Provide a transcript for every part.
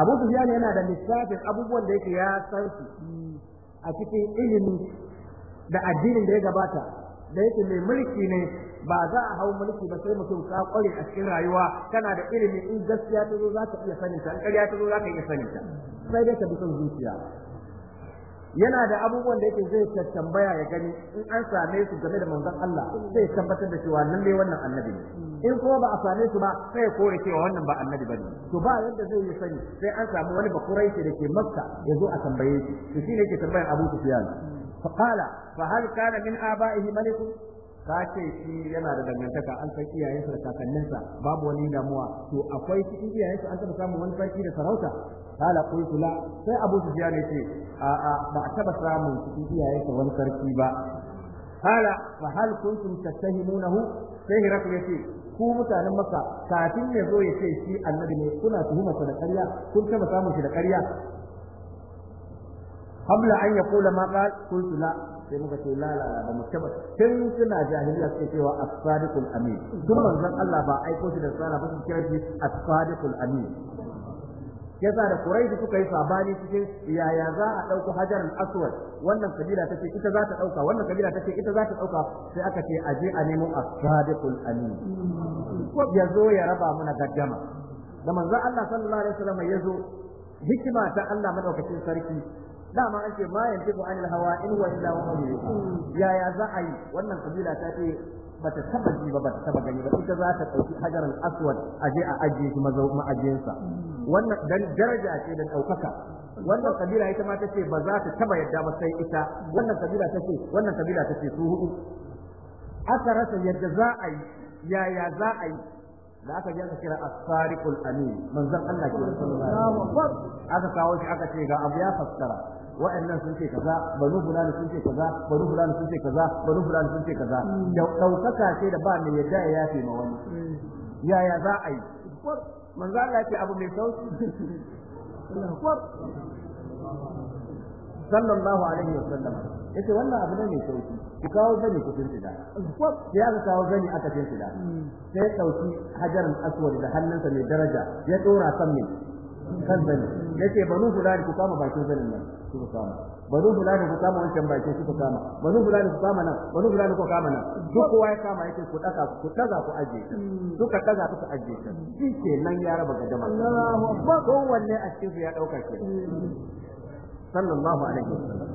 abu sufyan yana da lissafin abubuwan da yake ya san su a cikin ilimi da addinin da ya gabata da yake mai mulki ne ba za a hau mulki ba sai mutum ka kware a cikin rayuwa kana da ilimi in gaskiya ta zo za ka iya sanin ta in ƙarya ta zo za ka iya sanin ta sai dai ka bi son zuciya yana da abubuwan da yake zai tambaya ya gani in an same su game da manzon Allah sai tabbatar da cewa ne wannan annabi ne in kuma ba a same su ba sai ya kore cewa wannan ba annabi bane to ba yadda zai yi sani sai an samu wani bakurai da ke makka ya zo a tambaye shi to shine yake tambayar Abu Sufyan fa qala fa hal kana min abaihi malikun ka ce shi yana da dangantaka an san iyayensa da sa babu wani damuwa to akwai cikin iyayensa an taɓa samun wani sarki da sarauta kala qultu la sai Abu Sufyan ya ce a a ba a taɓa samun cikin iyayensa wani sarki ba kala fa hal kuntum tattahimunahu sai Hirakul ya ce ku mutanen maka kafin ya zo ya ce shi annabi ne kuna tuhumarsa da ƙarya kun taba samun shi da ƙarya qabla an yaqula ma qal qultu la sai muka ce la la ba mu taba tun suna jahiliya suke cewa as-sadiqul amin duk manzon Allah ba aiko shi da tsara ba su kira shi as-sadiqul amin yasa da Quraish suka yi sabani cikin yaya za a dauko hajaran aswad wannan kabila tace ita za ta dauka wannan kabila tace ita za ta dauka sai aka ce a je a nemo as-sadiqul amin ko ya zo ya raba mana gaddama da manzon Allah sallallahu alaihi wasallam ya zo hikima ta Allah madaukakin sarki dama an ce ma yantiku anil hawa in wa illa wa yaya za a yi wannan kabila ta ce ba ta taba ji ba ba ta taba gani ba ita za ta ɗauki hajaran aswad a je a ajiye shi ma'ajiyarsa wannan dan daraja ce da ɗaukaka wannan kabila ita ma ta ce ba za ta taba yadda ba sai ita wannan kabila ta ce wannan kabila ta ce su hudu aka rasa yadda za a yi yaya za a yi da aka je aka kira as-sariqul amin manzon Allah ke sallallahu alaihi wasallam aka kawo shi aka ce ga abu ya fassara wa'annan sun ce kaza banu fulani sun ce kaza banu fulani sun ce kaza banu fulani sun ce kaza da daukaka ce da ba mai yadda ya yafe ma wani yaya za a yi manzo Allah ce abu mai sauki sallallahu alaihi wa sallam yace wannan abu ne mai sauki ki kawo gani ku tunti da hmm. sai ya kawo gani aka tunti da sai dauki hajarul aswad da hannunsa mai daraja ya dora san mai kan zani yace banu fulani ku kama bakin zanin nan su ku kama banu fulani ku kama wancan bakin su ku kama banu fulani ku kama nan banu fulani ku kama nan duk kowa ya kama yake ku daga ku daga ku aje duka daga suka aje ta shi ke nan ya raba gadama Allahu akbar kowanne a cikin su ya dauka ke sallallahu alaihi wasallam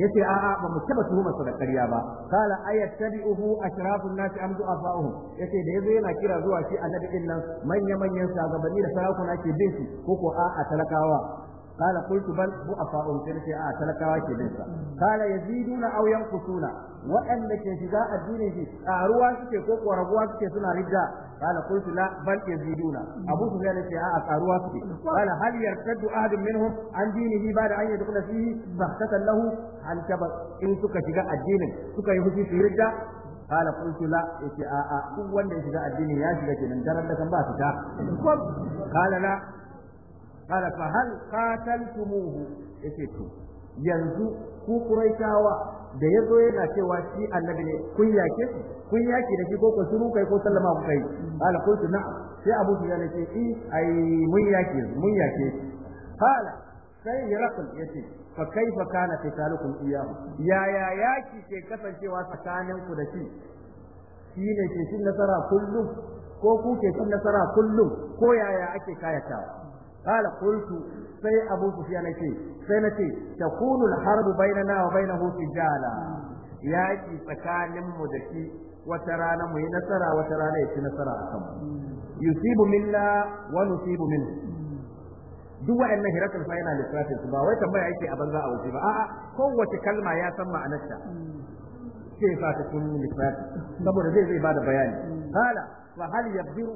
yace a'a ba mu taba tuhuma su da ƙarya ba kala uhu ashrafun nasi amdu Ya yace da yazo yana kira zuwa shi annabi din nan manya manyan sagabanni da sarakuna ke bin shi ko ko a talakawa قال قلت بل بؤساء كنت آه تلكوا كبيرا قال يزيدون أو ينقصون وأن كشجاء الدين في أعروا شكي كوك وربوا شكي سنة رجاء قال قلت لا بل يزيدون أبو سفيان في آه أعروا شكي قال هل يرتد أحد منهم عن دينه بعد أن يدخل فيه بحثة له عن كبر إن سك شجاء الدين سك يهوشي في رجاء قال قلت لا إتي آه آه وأن شجاء الدين يا شجاء من درد لكم باسكا قال لا قال فهل قاتلتموه yace to yanzu ku kuraitawa da ya zo yana cewa shi annabi ne kun yake shi kun yaki da shi ko kun suru kai ko sallama ku kai qala qultu na'am sai abu sufyan yace i ai mun yake mun yake qala sai ya yarqul yace fa kaifa kana qitalukum iyahu ya ya yaki ke kasancewa tsakanin ku da shi shine ke cin nasara kullum ko ku ke cin nasara kullum ko yaya ake kayatawa قال قلت سي أبو سفيان sai na ce ta kunul harbu bainana wa bainahu tijala yaki tsakanin mu da shi wata rana mu yi nasara wata rana ya ci nasara duk wa'annan hiratul fa yana lissafin su ba wai tambaya yake a banza a wuce ba a'a kowace kalma ya san ma'anarta sai fa ta kun lissafi saboda zai zai bada bayani qala fa hal yaqdiru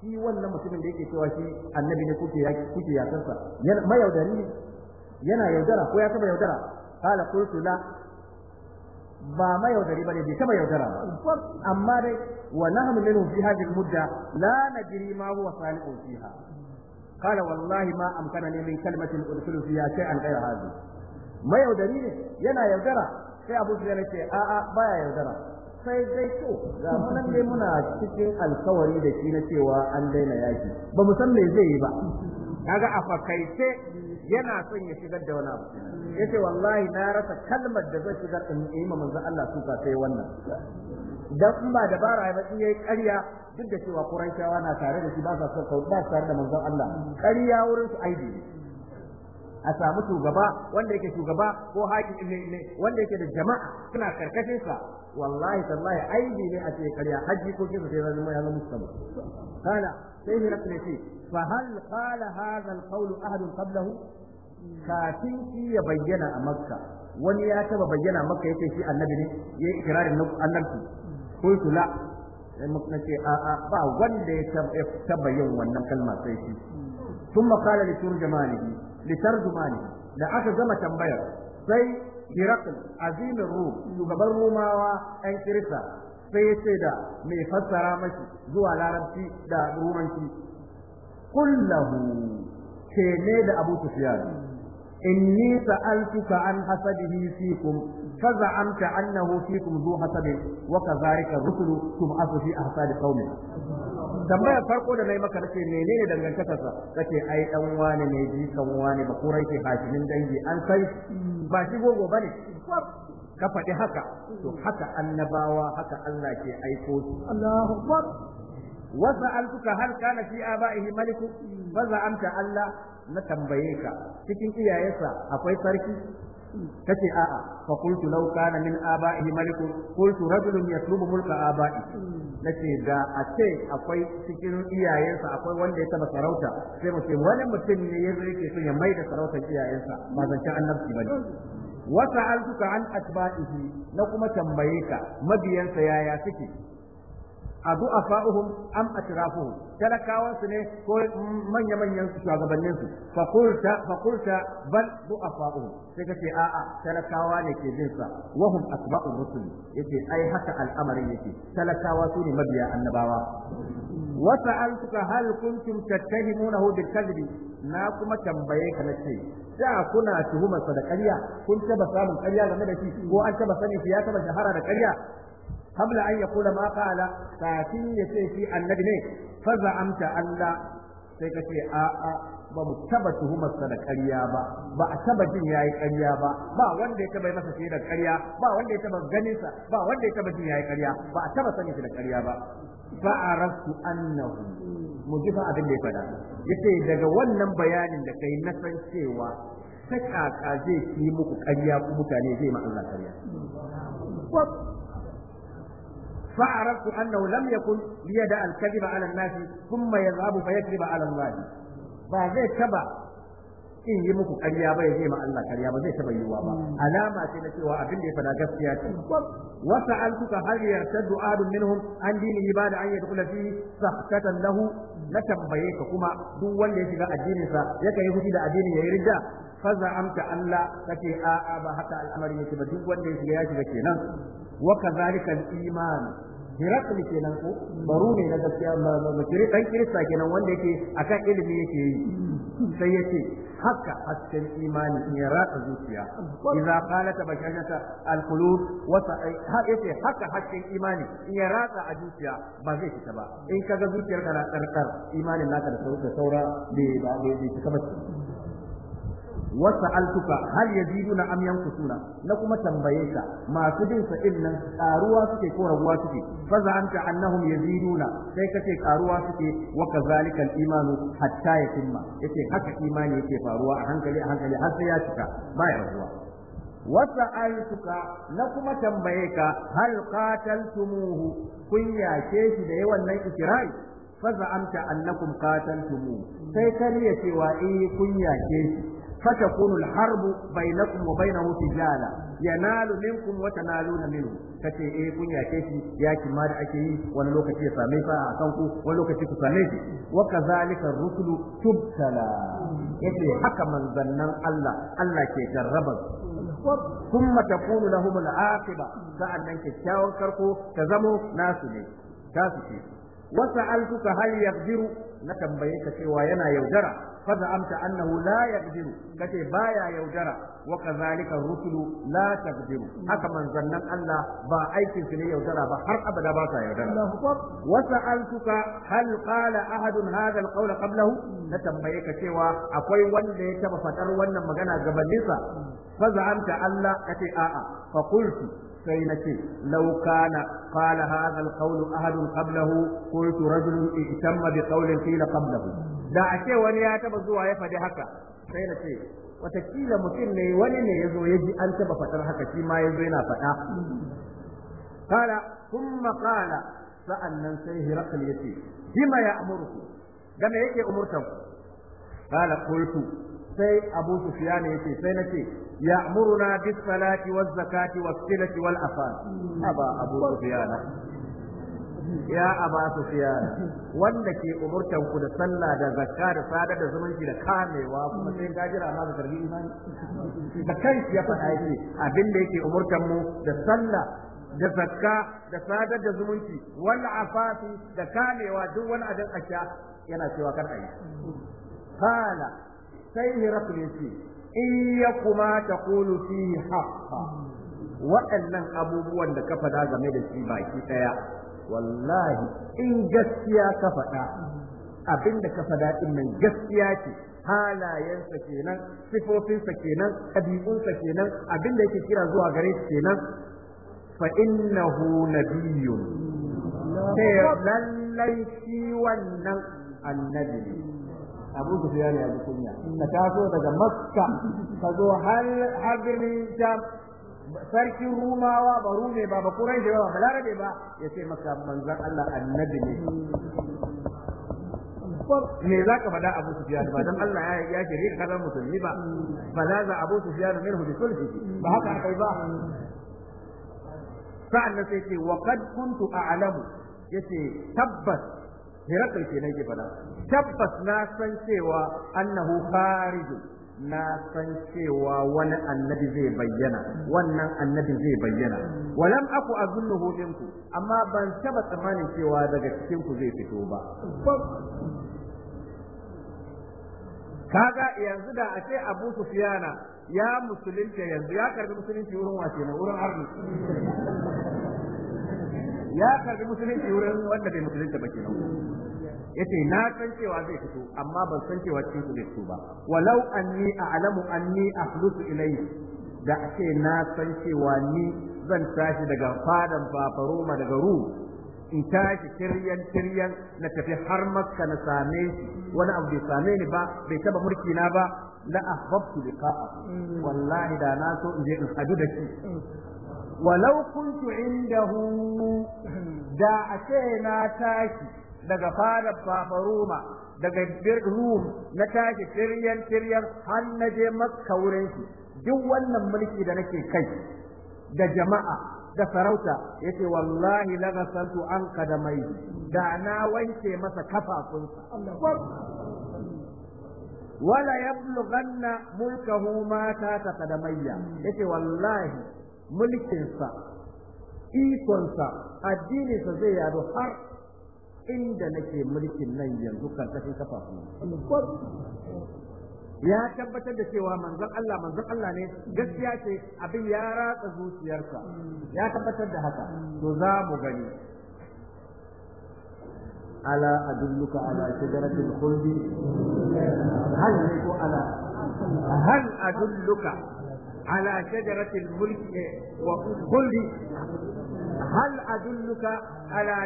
shi wannan mutumin da yake cewa shi annabi ne kuke yaki kuke yakarsa yana mayaudari yana yaudara ko ya taba yaudara Kala qultu la ba mayaudari bane bai taba yaudara ba amma dai wa nahnu minhu fi hadhihi al-mudda la najri ma huwa salihun fiha Kala wallahi ma ni min kalmatin udkhulu fiha shay'an ghayra hadhihi mayaudari ne yana yaudara sai Abu Sufyan ya ce a'a baya yaudara sai dai to ga nan dai muna cikin alkawari da shi na cewa an daina yaki ba mu san me zai yi ba kaga a fakaice yana son ya shigar da wani abu yace wallahi na rasa kalmar da zai shigar in yi ma manzo Allah suka sai wannan dan in ba dabara ba in yayi ƙarya duk da cewa Qurayshawa na tare da shi ba sa son ba tare da manzo Allah ƙarya wurin su aidi a samu shugaba wanda yake shugaba ko hakim ne wanda yake da jama'a suna karkashin sa wallahi tallahi aibi ne a ce karya haji ko kisa sai zama ya zama musulma kana sai hirakle ce fa hal qala hadha al qawl ahad qablahu kafin shi ya bayyana a makka wani ya taba bayyana makka ya shi annabi ne yayi ikirarin annabi qultu la na ce a'a ba wanda ya taba yin wannan kalma sai shi ثم قال لترجمانه zumani da aka gama tambayar sai Hirakul azimin Rum shugaban Rumawa 'yan Kirista sai ya da mai fassara mashi zuwa larabci da rumanci kullahu ce ne da Abu Sufyan inni sa'altuka an hasadihi fikum فزعمت أنه فيكم ذو حسد وكذلك الرسل تبعث في أحساد قوم tambayar farko da na yi maka nace menene dangantakarsa kace ai dan wane ne jikan wane ba kurai ke hakimin dangi an kai ba shi gogo bane ka faɗi haka to haka annabawa haka Allah ke aiko su Wasu akbar wasa altuka hal kana Allah na tambaye ka cikin iyayensa akwai sarki kace a'a fa qultu law kana min aba'i maliku qultu rajulun yatlubu mulka aba'i nace da a ce akwai cikin iyayensa akwai wanda ya taba sarauta sai mu ce wani mutum ne ya yake so ya mai da sarautar iyayensa ba zancen annabci bane wa sa'altuka an atba'ihi na kuma tambaye ka mabiyansa yaya suke adu'afa'uhum am atrafuhum talakawan su ne ko manya manyan su shugabannin su fa qulta fa qulta bal sai kace a'a talakawa ne ke binsa. sa wa hum asba'ur rusul yace ai haka al'amarin yake talakawa su ne mabiya annabawa wa sa'altuka hal kuntum tattahimunahu bil kadhibi na kuma tambaye ka nace da kuna tuhumar sa da ƙarya kun taba samun ƙarya game da shi ko an taba sani shi ya taba shahara da ƙarya qabla an yaqula ma qala kafin ya shi annabi ne fa za'amta Allah sai ka ce a a ba mu tuhumar sa da ƙarya ba ba a taba jin yayi ƙarya ba ba wanda ya taba yi masa da ƙarya ba wanda ya taba ganin ba wanda ya taba jin yayi ƙarya ba a taba sanin da ƙarya ba fa arastu annahu mu ji fa abin da ya faɗa yace daga wannan bayanin da kai na san cewa ta zai yi muku ƙarya mutane zai ma Allah ƙarya فعرفت أنه لم يكن ليدع الكذب على الناس ثم يذهب فيكذب على الله zai كبا in yi muku ƙarya ba ya je ma Allah ƙarya ba zai taɓa yiwuwa ba alama ce na cewa abin da ya fada gaskiya ce wa har ya ta du'a minhum an dinihi ba da an yadkhula fi sahtatan lahu na tambaye ka kuma duk wanda ya shiga addinin sa yakan yi hutu da addinin ya yi rida fa za'amta Allah kake a'a ba haka al'amari yake ba duk wanda ya shiga ya shiga kenan wa kadhalika al-iman hirakli kenan ko baro ne na gaskiya makiri kirista kenan wanda yake akan ilimi yake yi sai yace haka hasken imani ya ratsa zuciya idza qalat basharata alqulub wa eh, yace haka hasken imani in ya ratsa a zuciya ba zai fita ba in kaga zuciyar na tsarkar imanin naka da saura bai ba bai fita ba wa har hal yaziduna am yanqusuna na kuma tambaye ka masu bin sa din nan karuwa suke ko raguwa suke fa za'anta annahum yaziduna sai kace karuwa suke wa kazalika al-iman hatta yatimma yace haka imani yake faruwa a hankali a hankali har sai ya cika baya raguwa wasa'altuka na kuma tambaye ka hal qataltumuhu kun yake shi da yawan nan ikirai fa za'amta annakum qataltumuhu sai kariya cewa eh kun yake shi فتكون الحرب بينكم وبينه سجالا ينال منكم وتنالون منه kace eh kun yake shi yaki ma da ake yi wani lokaci ya same ka a kanku wani lokaci ku same shi wa kazalika rusulu tubtala yace haka manzannan Allah Allah ke jarraba ta ثم تكون لهم العاقبه sa'annan kyakkyawan karko ta zamo nasu ne tasu ce wasa alfuka hal yaqdiru na tambaye ka cewa yana yaudara fa amta annahu la yaqdiru kace baya yaudara wa kazalika rusulu la taqdiru haka manzannan Allah ba aikin su ne yaudara ba har abada ba sa yaudara wa sa'altuka hal qala ahadun hadha alqawla qablahu na tambaye ka cewa akwai wanda ya taba fadar wannan magana gabaninsa fa za'amta Allah kace a'a fa qultu sai na ce law kana qala hadha al-qawl ahad qablahu qultu rajulun ihtamma bi qawlin qila qablahu da a ce wani ya taba zuwa ya faɗi haka sai na ce watakila mutum ne wani ne ya zo ya ji an taba faɗar haka shi ma ya zo yana faɗa قال ثم sa'an sa'annan sai Hirakul ya ce, Bima ya amurku, game yake umurtan kala kultu sai Abu Sufyan ya ce sai na ce, يأمرنا بالصلاة والزكاة والصلة والأفان أبا أبو سفيان يا أبا سفيان وانك أمرتك كده صلى ده زكاة ده صلاة زمن كده كامي وكما سين كاجر أما ذكره إيمان ده كيف يفعل أيدي أبن ليك أمرتك ده صلى da zakka da sadar da zumunci wal afati da kamewa duk wani adan asha yana cewa kar ayi qala sai hirakul yace in ta taqulu fihi haqqa waɗannan abubuwan da ka faɗa game da shi baki ɗaya wallahi in gaskiya ka faɗa abinda ka faɗa ɗin nan gaskiya ce halayensa kenan sifofinsa kenan ɗabi'unsa kenan abinda yake kira zuwa gare shi kenan fa innahu nabiyyun sai lallai shi wannan annabi ne abu sufyan ya bi kunya ka taso daga makka ka zo har har birnin sham sarkin rumawa ba rume ba ba Quraysh ba ba larabe ba ya ce maka manzan Allah annabi ne me za ka faɗa abu sufyan ba dan Allah ya ya shirye ka zama musulmi ba Ba za abu sufyan minhu bi sulhi ba haka kai ba sa'an nan sai ce wa qad kuntu a'lamu yace tabbas hirakul kenan ke fada tabbas na san cewa annahu kharij na san cewa wani annabi zai bayyana wannan annabi zai bayyana walam aku azunnuhu minku amma ban taba tsammanin cewa daga cikin ku zai fito ba kaga yanzu da a ce Abu Sufiyana ya musulunta yanzu ya karbi musulunci wurin wace na wurin arni ya karbi musulunci wurin wanda bai musulunta ba kenan yace na san cewa zai fito amma ban san cewa cikin su zai fito ba walau anni a'lamu anni ahlusu ilayhi da ake na san cewa ni zan tashi daga fadan fafaroma daga ruhu in tashi kiryan kiryan na tafi har makka na same shi wani abu bai same ni ba bai taba mulki na ba la ahbabtu liqa'a mm. wallahi da na so in je in hadu da shi walau kuntu indahu mm. da a na tashi daga fara fafaruma daga rum na tashi tiryan tiryan har na je wurin shi duk wannan mulki da nake kai da jama'a da sarauta yace wallahi la gasantu an kadamai da na wanke masa kafafunsa wala yablughanna mulkahu ma ta ya yace wallahi mulkinsa ikonsa addininsa zai yado har inda nake mulkin nan yanzu kan kafa kafafu ya tabbatar da cewa manzon Allah manzon Allah ne gaskiya ce abin ya ratsa zuciyarsa ya tabbatar da haka to za mu gani ala adulluka ala shajaratil khuldi hal ne ko ala hal adulluka ala shajaratil mulki wa khuldi hal adulluka ala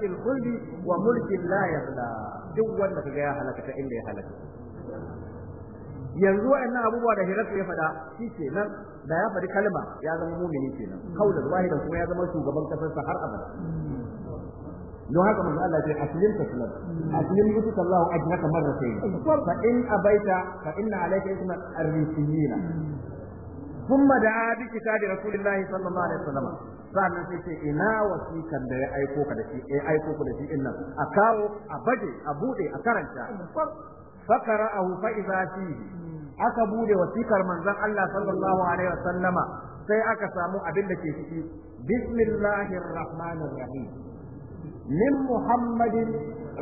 ɗin khuldi wa mulkin la yakhla duk wanda kaga ya halaka ta inda ya halaka yanzu wa'annan abubuwa da hirarsa ya faɗa shi ke da ya faɗi kalma ya zama mumini kenan kaulan wahidan kuma ya zama shugaban kasarsa har abada don haka manzo Allah ya aslim taslam aslim yutuk Allah ajnaka marratayn in ثم دعا بكتاب رسول الله صلى الله عليه وسلم sannan sai ce ina wasikan da ya aiko ka da shi ya aiko ku da shi din nan a kawo a baje a bude a karanta a fa idza fihi aka bude wasikar manzon Allah sallallahu alaihi wa Sallama sai aka samu abin da ke ciki bismillahir rahmanir rahim min muhammadin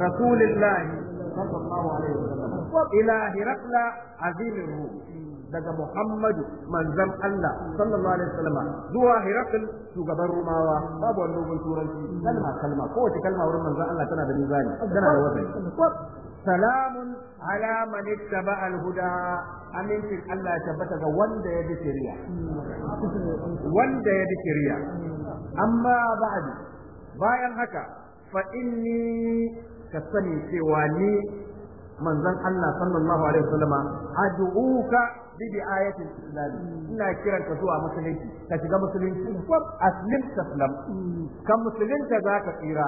rasulillahi sallallahu alaihi wasallam ila hiraqla azimir ruh daga Muhammadu manzan Allah sallallahu alaihi wasallam zuwa Herakl shugaban Rumawa babu wani dogon turanci kalma kalma kowace kalma wurin manzan Allah tana da mizani tana da wazani salamun ala man ittaba al-huda amincin Allah ya tabbata ga wanda ya bi shari'a wanda ya bi shari'a amma ba'd bayan haka fa inni ka sani cewa ni manzon Allah sallallahu alaihi wasallama ad'uka bi ayatin islami ina kiran ka zuwa musulunci ka shiga musulunci wab aslim taslam kan musulunta ka tsira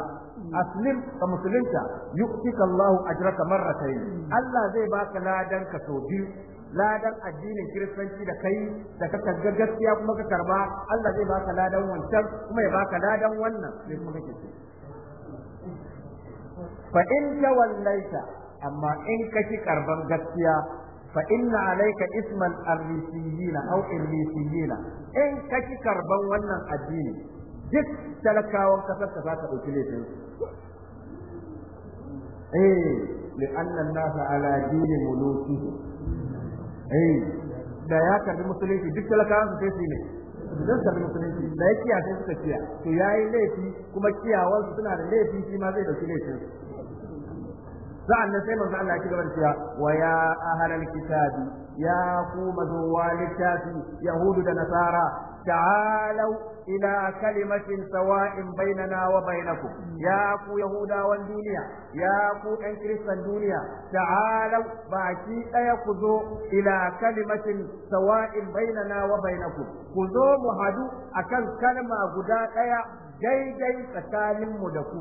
aslim ka musulunta yu'tika Allahu ajraka marratayn Allah zai baka ladan ka sau biyu ladan addinin kiristanci da kai da ka kaga gaskiya kuma ka karba Allah zai baka ladan wancan kuma ya baka ladan wannan sai kuma kake fa in tawallaita amma in ka ki karban gaskiya فإن عليك اسم الأرسيين أو الريسيين إن كتي كربان ونن الدين جد تلكا وانكسر كفاتا أتليفين إيه لأن الناس على دين ملوكه إيه da ya karbi musulunci duk talakawan su sai ne idan karbi musulunci da ya kiya sai suka kiya to yayi laifi kuma kiyawan suna da laifi shi ma zai dauki laifin sa’an nan sai manzo Allah ya ci gaba da wa ya ahlal kitabi ya ku mazuwa littafi yahudu da nasara ta'alau ila kalimatin sawa'in bainana wa bainakum ya ku yahudawan duniya ya ku ɗan kristan duniya ta'alau baki ɗaya ku zo ila kalimatin sawa'in bainana wa bainakum ku zo mu hadu akan kalma guda ɗaya daidai tsakaninmu da ku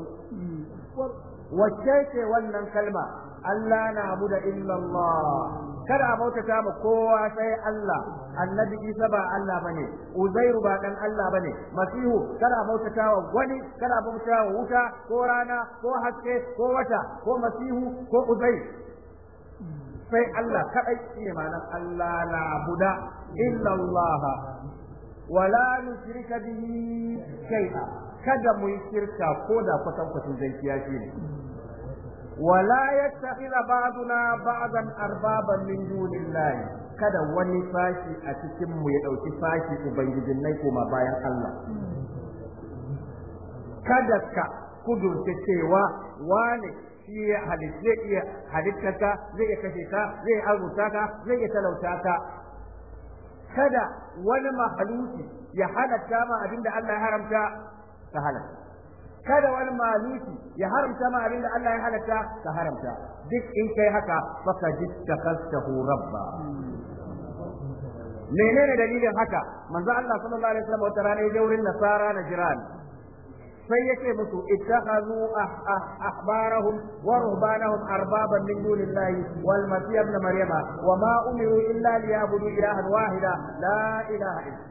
wacce ce wannan kalma Allah na abuda illallah kada a bautata mu kowa sai Allah annabi Isa ba Allah bane Uzairu ba dan Allah bane Masihu kada a bautata wa wani kada a bautata wa wuta ko rana ko haske ko wata ko Masihu ko Uzai. sai Allah kadai shine ma'anar Allah na buda illa Allah wala nusrika bihi shay'a kada mu yi shirka ko da kwatankwacin zai kiyaye ne ولا يتخذ بعضنا بعضا اربابا من دون الله kada wani fashi a cikin mu ya ɗauki fashi ubangijin nai kuma bayan Allah kada ka kudurce cewa wani shi ya zai iya halittaka zai iya kashe ka zai arzuta ka zai iya talauta ka kada wani mahaluki ya halatta ma abinda Allah ya haramta ta halatta kada wani maluki ya haramta ma abinda Allah ya halatta ka haramta duk in kai haka faka jittakastahu rabba menene dalilin haka manzo Allah sallallahu alaihi wasallam wata rana ya wurin nasara na jiran sai yake musu ittakhadhu ah, ah, ahbarahum wa ruhbanahum arbaban min dunillahi wal masih ibn maryama wa ma umiru illa liyabudu ilahan wahida la ilaha illa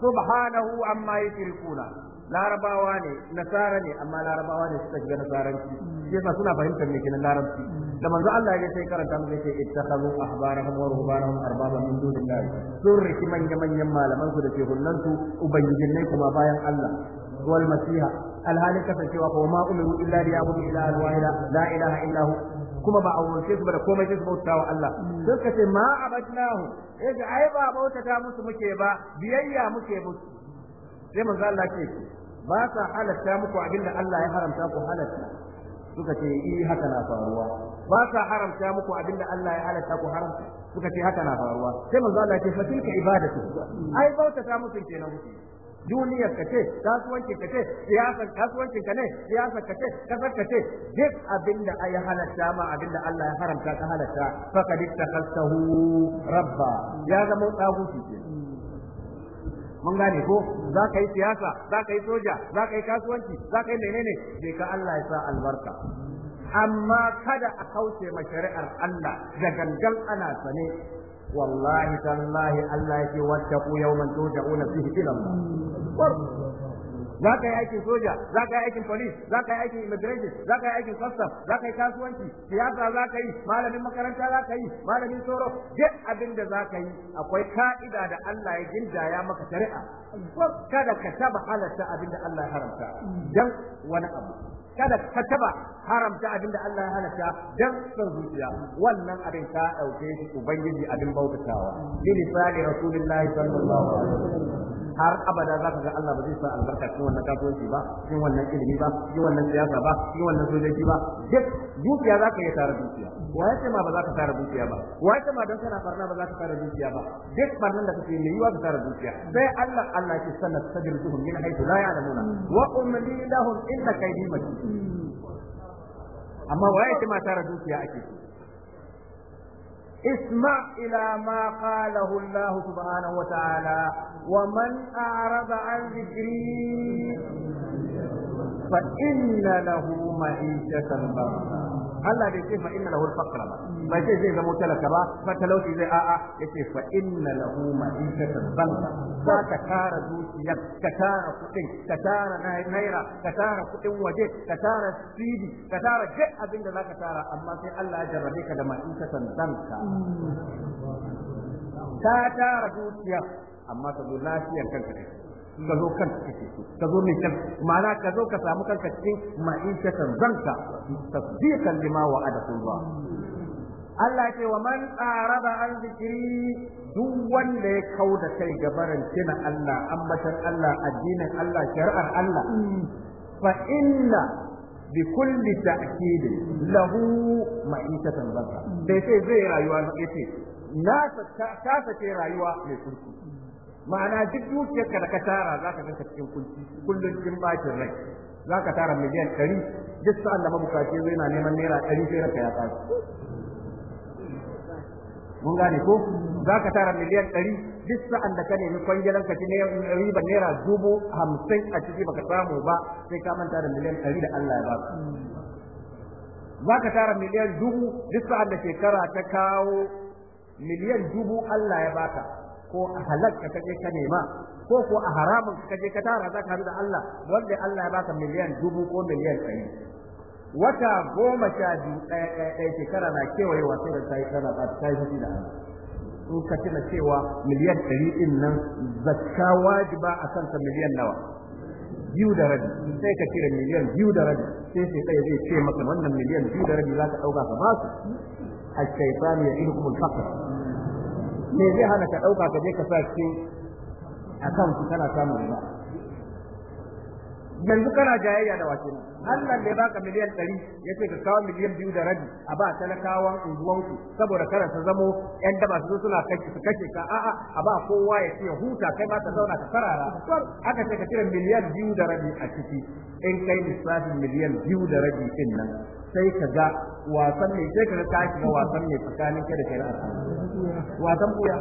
subhanahu amma yushrikuna larabawa ne nasara ne amma larabawa ne suka shiga nasaranci hmm. yasa suna fahimtar me kenan larabci hmm. da manzo Allah ya sai karanta mu sai ittakhadhu ahbarahum wa ruhbanahum arbaban min dunillah sun riki manyan manyan malaman su da ke hullan su ne kuma bayan Allah wal masiha alhalin kasancewa ko ma umiru illa liyabudu ilahan wahida la ilaha illa hu kuma ba a umarce su ba da komai sai su bauta wa Allah hmm. sai ka ce ma abadnahu eh ai ba bautata musu muke ba biyayya muke musu sai manzo Allah ce ba sa halatta muku abinda Allah ya haramta ku halatta suka ce eh haka na faruwa ba sa haramta muku abinda Allah ya halatta ku haramta suka ce haka na faruwa sai manzo Allah ya ce fatilka ibadatu ai bauta ta mutum kenan kuke duniyar ka ce kasuwancin ka ce siyasar kasuwancin ka ne siyasar ka ce kasar ka ce duk abinda da ai halatta ma abinda Allah ya haramta ka halatta faqad ittakhadtahu rabba ya zama tsaguci ke mun gane ko za ka yi siyasa za ka yi soja za ka yi kasuwanci za ka yi menene je ka Allah ya sa albarka amma kada a kauce ma shari'ar Allah da gangan ana sane wallahi tallahi Allah yake wattaqu yawman turja'una fihi ila Allah za ka yi aikin soja za ka yi aikin police za ka yi aikin immigration za ka yi aikin custom za ka yi kasuwanci siyasa za ka yi malamin makaranta za ka yi malamin tsoro duk abin da za ka yi akwai ka'ida da Allah ya ya maka shari'a kada ka taba halarta abin da Allah ya haramta dan wani abu kada ka taba haramta abin da Allah ya halatta dan son zuciya wannan abin ka dauke shi ubangiji abin bautatawa bi misali rasulullahi sallallahu alaihi wasallam har abada za ka ga Allah ba zai sa albarka cikin wannan kasuwanci ba cikin wannan ilimi ba cikin wannan siyasa ba cikin wannan sojoji ba duk dukiya za ka iya tara dukiya wa ce ma ba za ka tara dukiya ba wa ya ce ma don kana farna ba za ka tara dukiya ba duk farnan da kake mai yiwa ka tara dukiya sai Allah Allah ke sanar sadirjuhum min haythu la ya'lamuna wa umli lahum inna kaydi matin amma wa ya ce ma tara dukiya ake so اسمع إلى ما قاله الله سبحانه وتعالى ومن أعرض عن ذكري فإن له معيشة ضنكا Allah bai ce fa inna lahu al-faqra ba bai ce zai zama talaka ba fa talauci zai a'a yace fa inna lahu ma'ishatan banka za ka tara dukiya ka tara kudin ka tara naira ka tara kudin waje ka tara sidi ka tara duk abin da zaka tara amma sai Allah ya jarrabe ka da ma'ishatan banka ka tara dukiya amma ka zo lafiyar kanka ka zo kan kake so ka zo mai kan ma'ana ka zo ka samu kanka cikin ma'aikatan zanka tasdiqan lima wa'ada Allah Allah ce wa man araba an zikiri duk wanda ya kauda kai gabaran kina Allah ambatan Allah addinin Allah shari'ar Allah fa inna بكل تأكيد له معيشة rayuwa بيتي زي رايوة يتي ناس rayuwa رايوة لكل ma'ana duk dukiyarka da ka tara za ka ganka cikin kunci kullum cikin bakin rai za ka tara miliyan ɗari duk sa'an da mabukaci zai na neman naira ɗari sai raka ya tashi mun gane ko za ka tara miliyan ɗari duk sa'an da ka nemi kwangilan ka ci riba naira dubu hamsin a ciki baka samu ba sai ka manta da miliyan ɗari da Allah ya ba za ka tara miliyan dubu duk sa'an da shekara ta kawo miliyan dubu Allah ya baka ko a halakka kaje ka nema ko ko a haramun kaje ka tara zaka haɗu da Allah wanda Allah ya baka miliyan dubu ko miliyan ɗari wata goma sha biyu ɗaya ɗaya ɗaya shekara na kewayewa sai da ta yi kana ta yi da Allah in ka tuna cewa miliyan ɗari ɗin nan zakka wajiba a kansa miliyan nawa biyu da rabi sai ka kira miliyan biyu da rabi sai sai ɗaya zai ce maka wannan miliyan biyu da rabi za ka ɗauka ka ba su a shaitani ya ilkumul fakar me zai hana ka ɗauka ka je ka sa cikin akan kana samun riba yanzu kana jayayya da wace nan Allah bai baka miliyan ɗari ya ce ka kawo miliyan biyu da rabi a ba talakawan unguwanku saboda kada ta zamo yan daba su suna kashe su kashe ka a'a a ba kowa ya ce huta kai ma ta zauna ka karara. aka ce ka cire miliyan biyu da rabi a ciki in kai lissafin miliyan biyu da rabi din nan sai ka ga wasan ne sai ka ga ka wasan ne tsakanin ka da kai wasan buya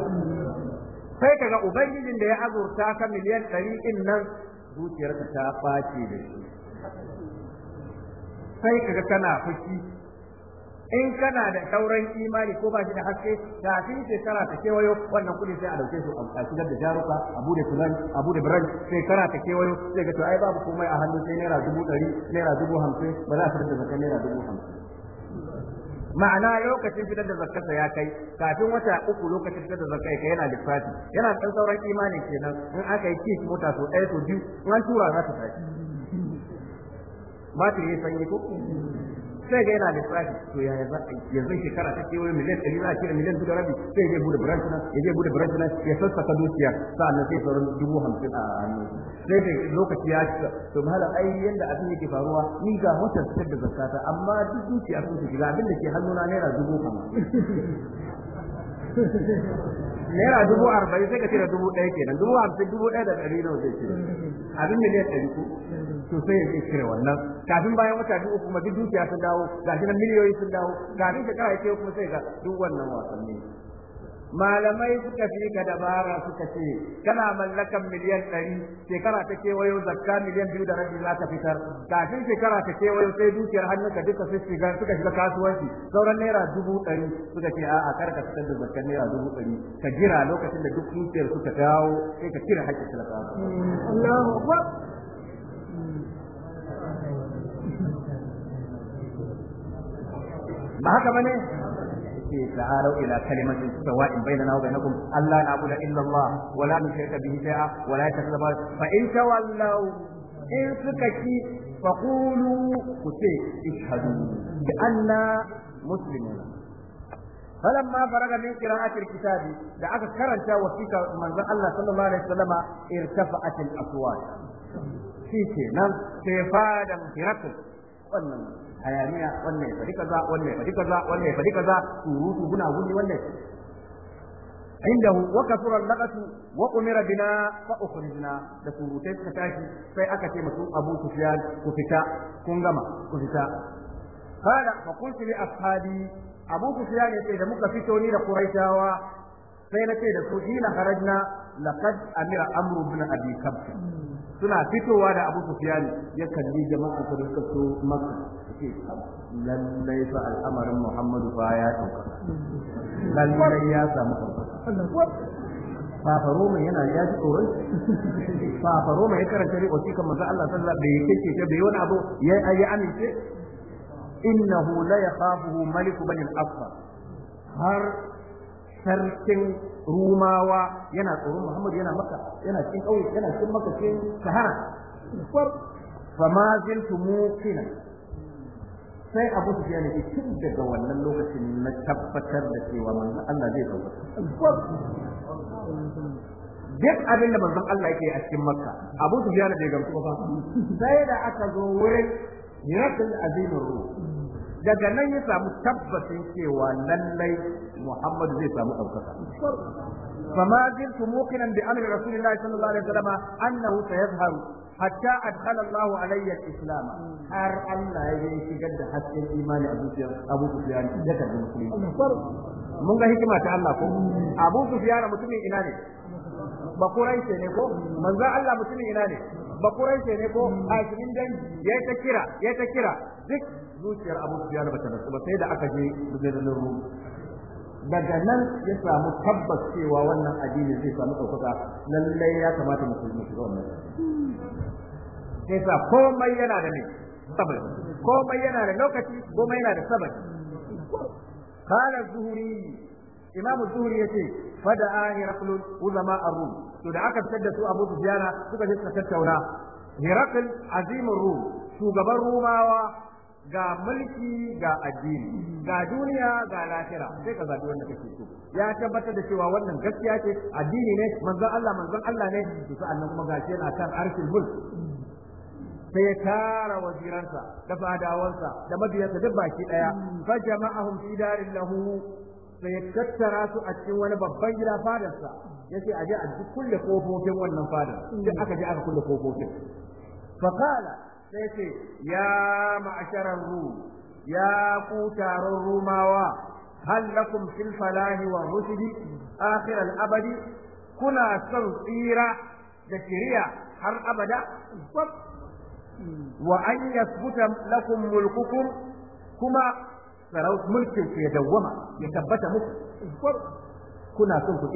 sai kaga ubangijin da ya azurta ka miliyan ɗari ɗin nan zuciyarka ta ɓace da shi sai kaga kana fushi in kana da sauran imani ko ba shi da haske kafin shekara ta kewayo wannan kudi sai a dauke su a shigar da jaruka abu da tulan abu da biran shekara ta kewayo sai ga to ai babu komai a hannu sai naira dubu ɗari naira dubu hamsin ba za a fitar da zakar naira dubu hamsin ma'ana lokacin fitar da zakka ya kai kafin wata uku lokacin fitar da zakka kai yana lissafi yana ɗan sauran imani kenan in aka yi kis mota so ɗaya so biyu in an tura za ta tashi ba ta yi sanyi ko sai ga yana lissafi to ya za yanzu shekara ta kewaye miliyan ɗari za a cire miliyan duka rabi sai zai bude branch na ya zai bude branch na ya sassaka dukiya sa'annan sai sauran dubu hamsin a hannu sai da lokaci ya cika to mahala ai yanda abin yake faruwa ni ga motar fitar da zakata amma duk dukiya sun su shiga abin da ke hannuna naira dubu hamsin naira dubu arba'in sai ka cire dubu ɗaya kenan dubu hamsin dubu ɗaya da ɗari nawa zai cire abin miliyan ɗari ko to sai ya kira wannan kafin bayan wata biyu kuma duk dukiya sun dawo gashi nan miliyoyi sun dawo kafin shekara ya ce kuma sai ga duk wannan wasanni malamai suka fi ka dabara suka ce kana mallakan miliyan ɗari shekara ta kewayo zakka miliyan biyu da rabi za ka fitar kafin shekara ta kewayo sai dukiyar hannunka duka su shiga suka shiga kasuwanci sauran naira dubu ɗari suka ce a'a kar ka fitar da zakkan naira dubu ɗari ka jira lokacin da duk dukiyar suka dawo sai ka cire haƙƙin talakawa. Allahu Akbar. ba haka bane ce ta'alau ila kalimatin sawa'in bainana wa bainakum alla na'budu illa Allah wa la nushrika bihi shay'a wa la yakzaba fa in tawallaw in suka ki faqulu ku ce ishhadu bi anna muslimuna فلما فرغ من قراءة الكتاب دعك كرنت وفيك من الله صلى الله عليه وسلم ارتفعت الأصوات في كنا سيفادا هرقل hayaniya wannan ya faɗi kaza wannan ya faɗi kaza wannan ya faɗi kaza surutu guna guni wannan عنده wa umira bina fa ukhrijna da surutai suka tashi sai aka ce masu abu sufyan ku fita kun gama ku fita kada fa qultu li ashabi abu sufyan ce da muka fito ni da quraishawa sai na ce da su ina harajna laqad amira amru bin abi kabs suna fitowa da Abu Sufyan ya kalli jama'a ta da so maka ce lallai fa al'amarin Muhammadu ba ya dauka lallai ya samu ɗaukaka Fafa Roma yana ya ji tsoron Fafa Roma ya karanta ne kan manzo Allah sallallahu alaihi wasallam bai bai wani abu ya yi amince innahu la ya maliku bani al-asfar har sarkin rumawa yana tsoron muhammadu yana maka yana cikin ƙauye yana cikin maka cikin sahara fama ziltu mukina sai abu su ne tun daga wannan lokacin na tabbatar da cewa manzon Allah zai kwar duk abin da manzon Allah yake a cikin makka abu su ne bai gamsu ba sai da aka zo wurin miracle azimin ruh daga nan ya samu tabbacin cewa lallai Muhammad zai samu ɗaukaka. فما زلت موقنا بأمر رسول الله صلى الله عليه وسلم أنه سيظهر حتى أدخل الله علي الإسلام هر الله يجي قد حتى الإيمان أبو سفيان أبو سفيان ذكر المسلمين mun ga hikima ta Allah ko Abu Sufyan mutumin ina ne ba Quraishi ne ko manzo Allah mutumin ina ne ba Quraishi ne ko Hashimin dangi ta kira yayi zuciyar ta nasu ba sai da aka je zai daga nan ya samu tabbas cewa wannan addini zai samu ɗaukaka lallai ya kamata musulmi shiga wannan sai sa komai yana da ne sabai komai yana da lokaci komai yana da sabai qala zuhuri imam zuhuri yace fada hirqul ulama a rum to da aka fitar da su abu sufyana suka je suka tattauna hirakul azimur rum shugaban rumawa ga mulki ga addini ga duniya ga lafira, sai ka zabi wanda kake so ya tabbatar da cewa wannan gaskiya ce addini ne manzon Allah manzon Allah ne to sa'annan kuma gashi yana kan arshil mulk sai ya tara waziransa da fadawansa da mabiyansa duk baki daya fa jama'ahum fi darin lahu sai ya tattara su a cikin wani babban gida fadarsa yace aje a duk kulle kofofin wannan fadar sai aka je aka kulle kofofin fa qala sai ce ya ma'asharar rum ya ku taron rumawa hal lakum fil falahi wa rusdi akhir al abadi kuna son tsira da shiriya har abada wa an yasbuta lakum mulkukum kuma saraut mulkin ya dawwama ya tabbata muku kuna son ku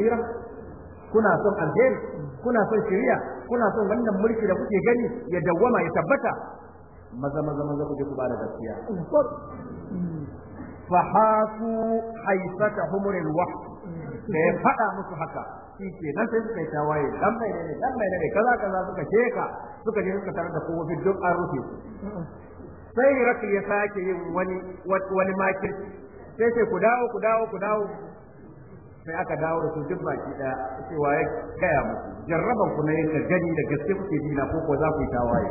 kuna son alheri kuna son shari'a kuna son wannan mulki da kuke gani ya dawwama ya tabbata maza maza maza ku ku bada gaskiya fahasu haisata humuril wah sai faɗa musu haka shi nan sai suka yi tawaye dan mai ne dan mai ne kaza kaza suka sheka suka je suka tarar da kofofi duk an rufe sai raki ya sake yin wani wani makir sai sai ku dawo ku dawo ku dawo sai aka dawo da su duk baki daya cewa ya gaya musu jarraban ku na yadda gani da gaske kuke ji na ko za ku yi tawaye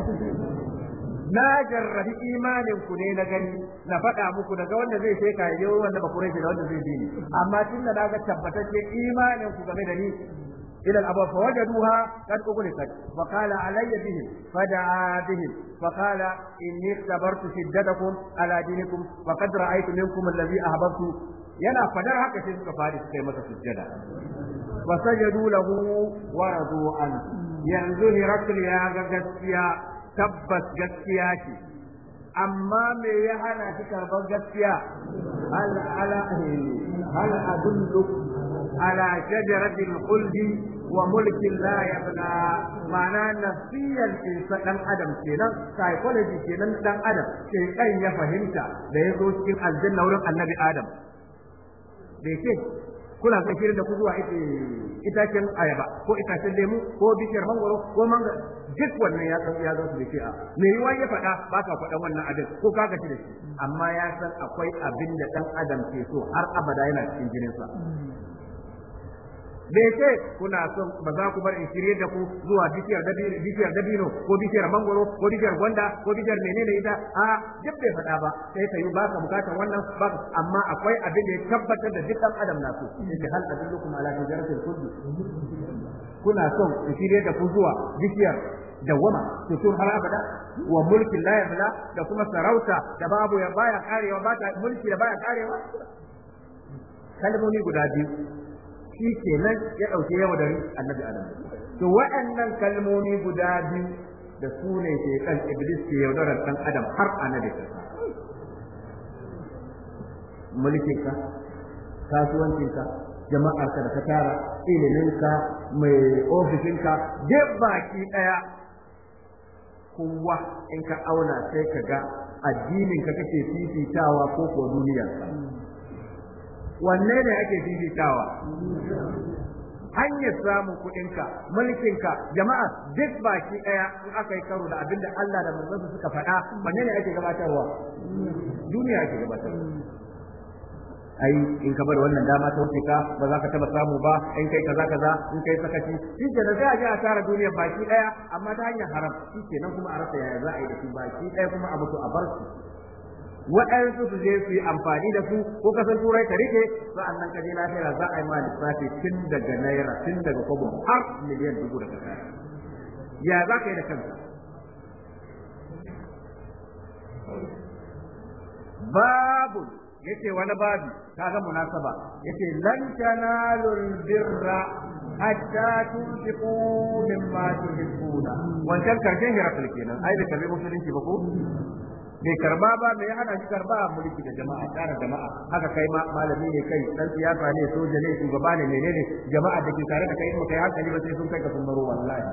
na jarrabi imanin ku ne na gani na faɗa muku daga wanda zai sai ka yi wanda ba kurai da wanda zai bi ni amma tun da ga tabbatacce imanin ku game da ni إلى الأبواب فوجدوها قد أغلقت فقال علي بهم فدعا بهم فقال إني اختبرت شدتكم على دينكم فقد رأيت منكم الذي أهببت yana fadar haka sai suka fadi su yi masa sujjada fasajadu lahu wa radu an yanzu hirakul ya ga gaskiya tabbas gaskiya ce amma me ya hana shi karban gaskiya hal ala hal adullu ala shajaratil khuldi wa mulkin la yabla ma'ana nafsiyar insa dan adam kenan psychology kenan dan adam ke kai ya fahimta da ya zo cikin aljanna wurin annabi adam da yake kuna son shirin da ku zuwa itacen ayaba ko itacen lemu ko bishiyar mangoro ko manga duk wannan ya san ya zasu dace a me yiwa ya faɗa ba ka faɗan wannan abin ko ka gaci da shi amma ya san akwai abin da dan adam ke so har abada yana cikin jininsa me ce kuna son ba za ku bar in shirye da ku zuwa bishiyar bishiyar dabino ko bishiyar mangoro ko bishiyar gwanda ko bishiyar menene ita a duk bai faɗa ba sai ka yi baka bukatar wannan ba amma akwai abin da ya tabbatar da dukkan adam na so yace hal kuma ala tijaratil khuld kuna son in shirye da ku zuwa bishiyar dawwama sun har abada wa mulkin la yabla da kuma sarauta da babu ya baya karewa ba ta mulki da baya karewa kalmomi guda biyu shi nan ya ɗauke yawa da annabi adam to waɗannan kalmomi guda biyu da su ne ke kan iblis ke yaudara ɗan adam har annabi ka, jama'ar ka da ka tara ka, mai ofishinka duk baki ɗaya kowa in ka auna sai ka ga addinin ka kake fifitawa ko ko ka. wanne ne ake fifitawa hanyar samun kuɗinka mulkinka jama'a duk baki ɗaya in aka yi karo da abinda Allah da manzansa suka faɗa wanne ne ake gabatarwa duniya ake gabatarwa ai in ka bar wannan dama ta wuce ka ba za ka taba samu ba in kai kaza kaza in kai sakaci shi ke da a tara duniyar baki ɗaya, amma ta hanyar haram shi ke nan kuma a rasa yaya za a yi da shi baki daya kuma a mutu a bar su waɗansu su je su yi amfani da su ko kasan turai ka rike sa'annan ka je lafiya za a yi ma lissafi tun daga naira tun daga kwabo har miliyan dubu da kasa ya za ka yi da kansa? babu yace wani babu babi kaga munasaba yace lan tanalul birra hatta tunfiqu mimma tuhibbuna Wancan karshen hirakul kenan ai da kalmar musulunci ba ko bai karba ba mai hana shi karba mulki da jama'a tsara jama'a haka kai ma malami ne kai dan siyasa ne soja ne shugaba ne menene jama'a da ke tare da kai in kai hankali ba sai sun kai ka sun maro wallahi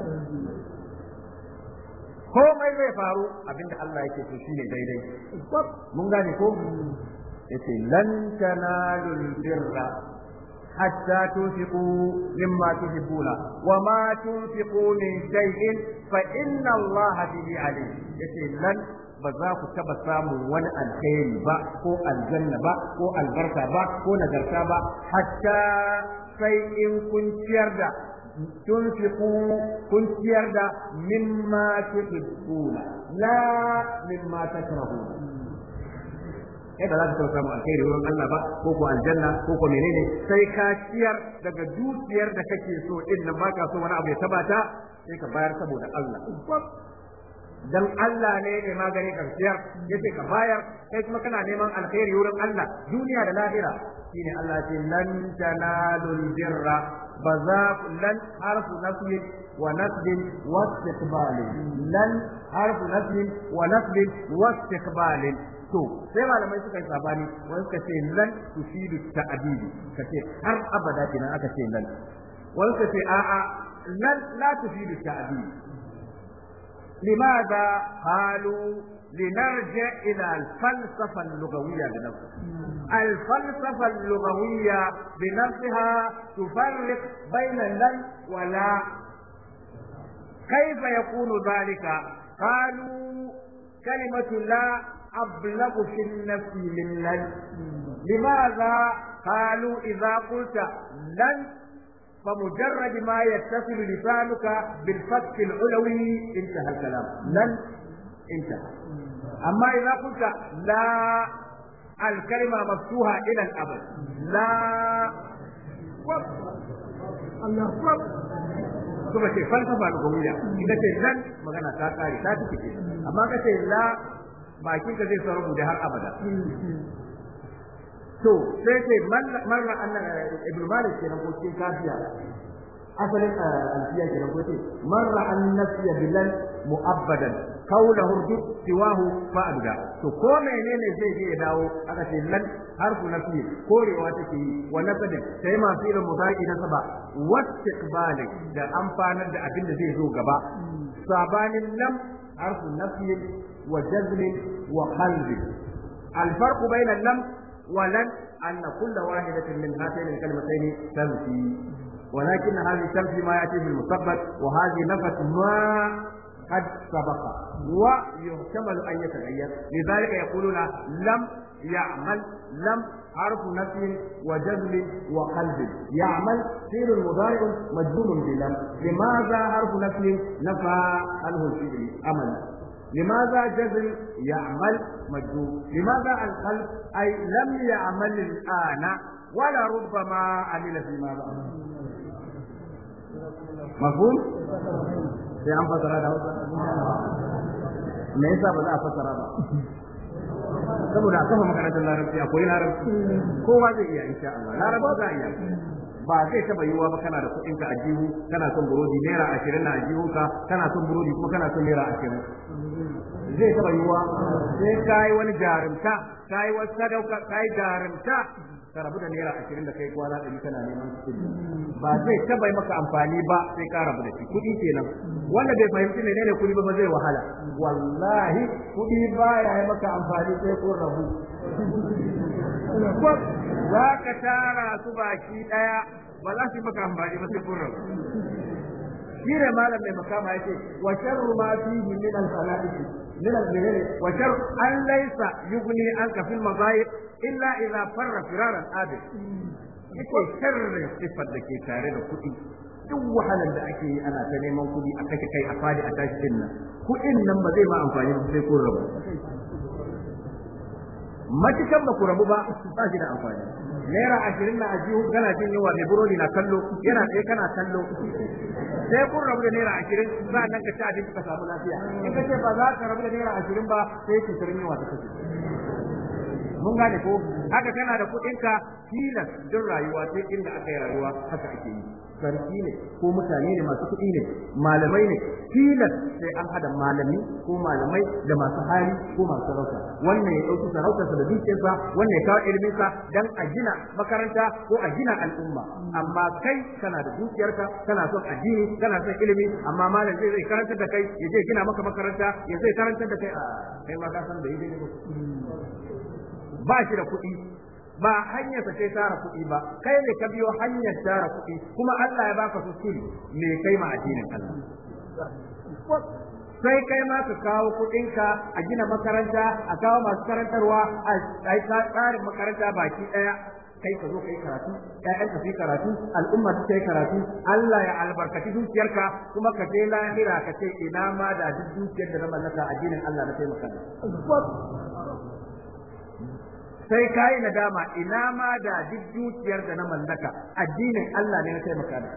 komai zai faru abinda Allah yake so shine daidai mun gane ko yace lan tanalul birra حتى تنفقوا مما تحبون min shay'in fa inna Allah bihi alim عليم. lan ba za ku taba samun wani alheri ba ko aljanna ba ko albarka ba ko nagarta ba hatta sai in kun ciyar da tunfiqu kun ciyar da mimma tuhibbuna la mimma takrahuna kai ba za ka samun alheri wurin Allah ba ko ko aljanna ko ko menene sai ka ciyar daga dukiyar da kake so din nan baka so wani abu ya tabata sai ka bayar saboda Allah dan Allah ne ne magani kan siyar yace ka bayar kai kuma kana neman alkhairi wurin Allah duniya da lahira shine Allah ce lan tanalul birra ba za ku lan harfu nasbin wa nasbin wa istiqbal lan harfu nasbin wa nasbin wa istiqbal to sai malamai suka yi sabani wani suka ce lan tufidu ka ce har abada kenan aka ce lan wani suka ce a'a lan la tufidu ta'dili لماذا قالوا لنرجع إلى الفلسفة اللغوية بنفسها الفلسفة اللغوية بنفسها تفرق بين لن ولا كيف يكون ذلك قالوا كلمة لا أبلغ في النفس من لن لماذا قالوا إذا قلت لن فمجرد ما يتصل لسانك بالفتح العلوي انتهى الكلام لن انتهى أما إذا قلت لا الكلمة مفتوحة إلى الأبد لا الله أكبر kuma ce falsafa da gumuriya ita ce nan magana ta kare ta cike amma kace la bakin ka zai sauran mu har abada to sai sai marra annan ibn malik kenan ko cikin kafiya asalin eh, alfiya kenan ko ce marra an nafiya bilal mu'abbadan kaulahum duk siwahu fa abda to ko menene zai je ya dawo aka ce lan harfu nafi korewa take yi wa nafadin sai ma fi mudari na saba wastiqbalik da amfanar da abin da zai zo gaba sabanin lam harfu nafi wa jazmin wa qalbi الفرق بين ولن أن كل واحدة من هاتين الكلمتين تنفي ولكن هذه تنفي ما يأتي في المستقبل وهذه نفت ما قد سبق ويحتمل أن يتغير لذلك يقولون لم يعمل لم حرف نفي وجزم وقلب يعمل فعل مضارع مجزوم بلم لماذا حرف نفي نفى عنه الفعل عمل لماذا جذر يعمل مجهول لماذا القلب أي لم يعمل الآن ولا ربما عمل فيما بعد مفهوم؟ في عم فترة هذا ما يسا بدا فترة هذا سبو لا سفا مكانة الله ربي أقول يا رب كو ما إن شاء الله لا رب زي ba zai taba yiwuwa ba kana da kuɗin ka ajihu kana son burodi naira ashirin na ka kana son burodi kuma kana son naira ashirin zai taba yiwuwa sai kai wani jarumta kai wani sadauka kai jarumta ka rabu da naira ashirin da kai kwana ɗari kana neman su kuɗi ba zai taɓa maka amfani ba sai ka rabu da shi kuɗi kenan wanda bai fahimci menene kuɗi ba zai wahala wallahi kuɗi ba ya yi maka amfani sai ko rabu za ka tara su baki ɗaya ba za su maka amfani ba sai ko rabu shi ne malam mai makama ya ce wa sharru ma fihi min al من الجهل وشر أن ليس يغني عنك في المضايق إلا إذا فر فرار الآبد yake sharrin siffar da ke tare da kuɗi duk wahalar da ake yi ana ta neman kuɗi a kashe kai a fadi a tashi din kuɗin nan ba zai ma amfani ba sai kun rabu matukan ba ku rabu ba ba shi amfani naira ashirin na ajihu kana jin yawa mai burodi na kallo yana tsaye kana kallo sai kun rabu da naira ashirin za nan ka ci abinci ka samu lafiya in ka ce ba za ka rabu da naira ashirin ba sai cutar yawa ta kashe mun gane ko haka kana da kuɗinka tilas don rayuwa sai inda aka yi rayuwa haka ake yi sarki ne ko mutane ne masu kuɗi ne malamai ne tilas sai an hada malami ko malamai da masu hali ko masu sarauta wannan ya ɗauki sarautarsa da dukiyarsa wannan ya kawo iliminsa dan a gina makaranta ko a gina al'umma amma kai kana da dukiyarka kana son addini kana son ilimi amma malam zai zai karantar da kai ya je gina maka makaranta ya zai karantar da kai a kai ma ka san da yi daidai ba ba shi da kuɗi ba hanyar sa sai tara kuɗi ba kai ne ka biyo hanyar tara kuɗi kuma Allah ya baka sukuni me kai ma addinin Allah sai kai ma ka kawo kuɗinka a gina makaranta a kawo masu karantarwa a tsarin makaranta baki ɗaya kai ka zo kai karatu ƴaƴan ka karatu al'umma su kai karatu Allah ya albarkaci dukiyarka kuma ka je lahira ka ce ina ma da duk dukiyar da na mallaka addinin Allah na taimaka sai ka yi nadama ina ma da duk dukiyar da na mallaka addinin Allah ne na taimaka da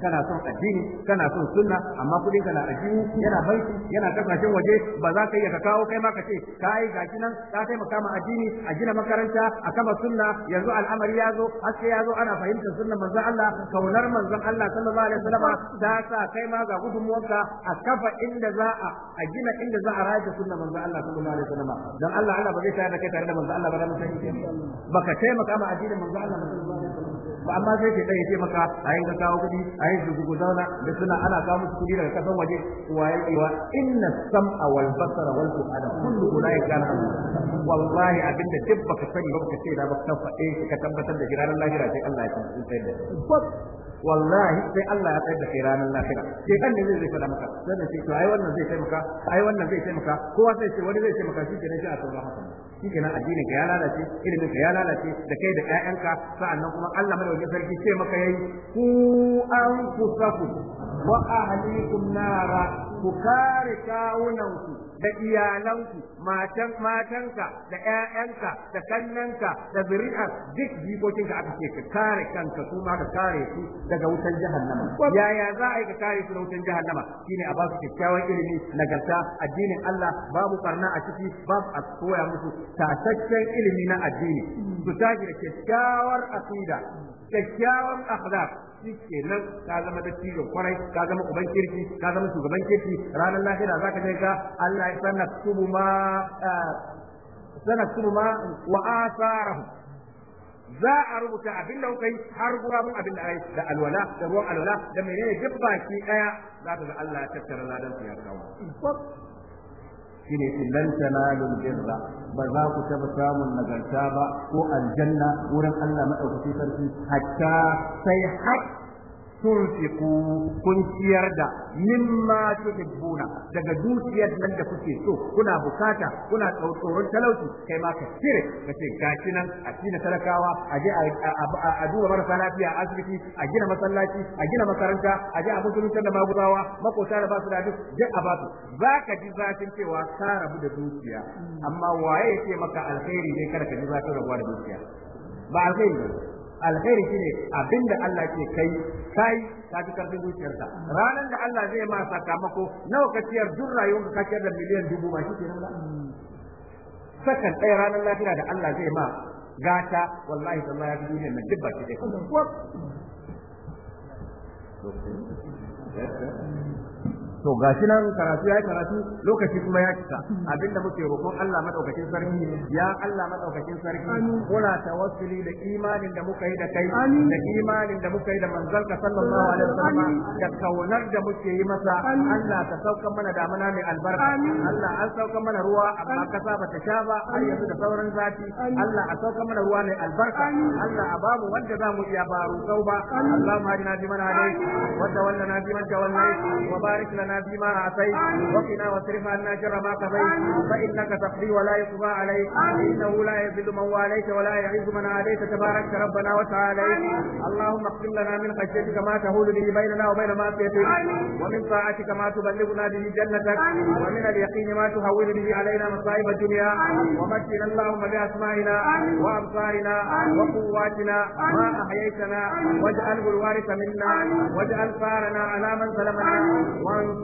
kana son addini kana son sunna amma kudin kana addini yana banki yana kasashen waje ba za ka iya ka kawo kai ma ka ce ka yi gashi nan ka taimaka ma addini a gina makaranta a kama sunna yanzu al'amari ya zo haske ya zo ana fahimtar sunnan manzon Allah kaunar manzon Allah sallallahu alaihi wasallam ta sa kai ma ga gudunmuwarka a kafa inda za a a gina inda za a rayar da sunnan manzon Allah sallallahu alaihi wasallam dan Allah Allah ba zai tare da kai tare da manzon Allah ba dan muslim baka taimaka ma addinin manzo Allah sallallahu alaihi wasallam ba amma sai ke dai ce maka ayi ka kawo kudi ayi su gugu zauna da suna ana kawo musu kudi daga kasan waje waye iwa inna sam'a wal basara wal fu'ada kullu ulai kana wallahi abinda duk baka sani ba baka ce da baka faɗe ka tabbatar da ranar lahira sai Allah ya tsayar da wallahi sai Allah ya tsayar da kai ranar lahira sai kan ne zai zai faɗa maka sai da ce to ai wannan zai taimaka ai wannan zai taimaka kowa sai ce wani zai taimaka shi kenan shi a sauran haka shikenan addinin ka ya lalace ilimin ka ya lalace da kai da ƴaƴanka sa'annan kuma Allah madaukakin sarki ce maka yayi ku anfusakum wa ahlikum nara ku kare kawunanku da iyalanku matan matanka da ƴaƴanka da kannanka da zuri'ar duk jikokinka aka ce ka kare kanka su ma ka kare su daga wutan jahannama yaya za a yi ka kare su da wutan jahannama shine a ba su kyakkyawan ilimi nagarta addinin Allah babu karna a ciki babu a koya musu tasaccen ilimi na addini su tashi da kyakkyawar aqida kyakkyawan akhlaq shi kenan ka zama dattijon kwarai ka zama uban kirki ka zama shugaban kirki ranar lahira zaka je ka Allah ya sanar tubu ma eh, tubu ma wa asarahu za a rubuta abin da har gurabun abin da ai da alwala da ruwan alwala da menene duk baki daya za ta ga Allah ya tattara ladan su ya kawo shine ce lan tanalul birra ba za ku taba samun nagarta ba ko aljanna wurin Allah madaukaki sarki hatta sai hatta tunfiku kun ciyar da mimma tuhibbuna daga dukiyar nan da kuke so kuna bukata kuna tsoron talauci kai ma ka cire ka ce gashi nan a cikin talakawa a je a duba marasa lafiya a asibiti a gina masallaci a gina makaranta a je a musulunta da magudawa makota da basu su da duk duk a basu za ka ji zafin cewa ka rabu da dukiya amma waye ya ce maka alkhairi ne kada ka ji zafin rabuwa da dukiya ba alkhairi ba alkhairi shine abinda Allah ke kai kai ka ji karfin zuciyarka ranar da Allah zai ma sakamako nawa ka ciyar duk rayuwarka ka ciyar da miliyan dubu ba shi kenan ba sakan ɗaya ranar lafiya da Allah zai ma gata wallahi sallah ya fi duniyar mai dubba ce ɗaya to gashi nan karatu ya karatu lokaci kuma ya kisa abinda muke roƙon Allah madaukakin sarki ya Allah madaukakin sarki wasu tawassuli da imanin da muka yi da kai da imanin da muka yi da manzanka sallallahu alaihi wasallam da kaunar da muke yi masa Allah ka sauka mana damuna mai albarka Allah an sauka mana ruwa amma kasa bata sha ba har yanzu da sauran zafi Allah a sauka mana ruwa mai albarka Allah a babu wanda za mu iya baro sau ba Allah ma na ji mana dai wanda wanda na ji mana tawallai wa barik lana وبارنا فيما أعطيت وقنا واصرف عنا شر ما قضيت فإنك تقضي ولا يقضى عليك إنه لا يذل من واليت ولا يعز من عليك تبارك ربنا وتعالى اللهم اغفر لنا من خشيتك ما تهول به بيننا وبين معصيتك ومن طاعتك ما تبلغنا به جنتك ومن اليقين ما تهون به علينا مصائب الدنيا ومكن اللهم بأسمائنا وأبصارنا وقواتنا ما أحييتنا واجعله الوارث منا واجعل ثارنا على من ظلمنا وانصرنا